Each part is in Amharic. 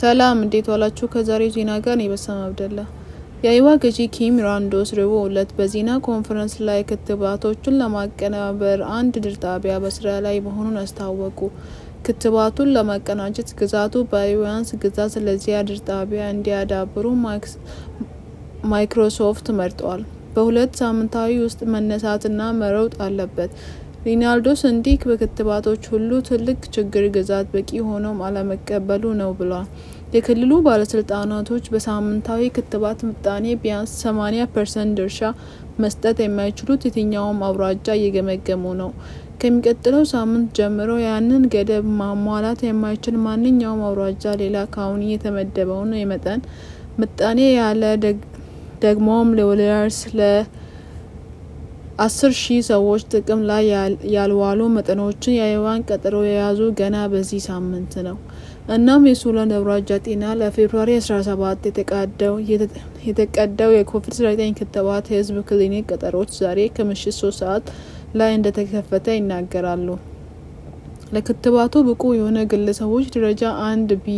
ሰላም እንዴት ዋላችሁ? ከዛሬው ዜና ጋር እኔ በሰማ አብደላ። የአይዋ ገዢ ኪም ራንዶስ ረቡዕ ሁለት በዜና ኮንፈረንስ ላይ ክትባቶቹን ለማቀናበር አንድ ድር ጣቢያ በስራ ላይ መሆኑን አስታወቁ። ክትባቱን ለማቀናጀት ግዛቱ በአይዋንስ ግዛት ለዚያ ድር ጣቢያ እንዲያዳብሩ ማይክሮሶፍት መርጧል። በሁለት ሳምንታዊ ውስጥ መነሳትና መረውጥ አለበት። ሪናልዶ ሰንዲክ በክትባቶች ሁሉ ትልቅ ችግር ግዛት በቂ ሆኖም አለመቀበሉ ነው ብሏል። የክልሉ ባለስልጣናቶች በሳምንታዊ ክትባት ምጣኔ ቢያንስ 80 ፐርሰንት ድርሻ መስጠት የማይችሉት የትኛውም አውራጃ እየገመገሙ ነው። ከሚቀጥለው ሳምንት ጀምሮ ያንን ገደብ ማሟላት የማይችል ማንኛውም አውራጃ ሌላ ካሁን የተመደበውን የመጠን ምጣኔ ያለ ደግሞም ለወለርስ ለ አስር ሺህ ሰዎች ጥቅም ላይ ያልዋሉ መጠኖችን የአይዋን ቀጠሮ የያዙ ገና በዚህ ሳምንት ነው። እናም የሱለ ነብራጃ ጤና ለፌብርዋሪ 17 የተቀዳው የኮቪድ-19 ክትባት የህዝብ ክሊኒክ ቀጠሮች ዛሬ ከምሽት 3 ሰዓት ላይ እንደተከፈተ ይናገራሉ። ለክትባቱ ብቁ የሆነ ግለሰቦች ደረጃ አንድ ቢ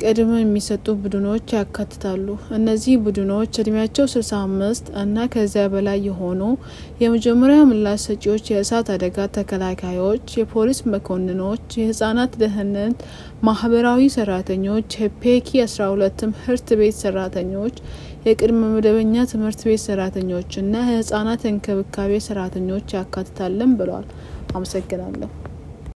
ቅድም የሚሰጡ ቡድኖች ያካትታሉ። እነዚህ ቡድኖች እድሜያቸው 65 እና ከዚያ በላይ የሆኑ የመጀመሪያ ምላሽ ሰጪዎች፣ የእሳት አደጋ ተከላካዮች፣ የፖሊስ መኮንኖች፣ የህጻናት ደህንነት ማህበራዊ ሰራተኞች፣ የፔኪ 12 ትምህርት ቤት ሰራተኞች፣ የቅድመ መደበኛ ትምህርት ቤት ሰራተኞች እና የህጻናት እንክብካቤ ሰራተኞች ያካትታለን ብለዋል። አመሰግናለሁ።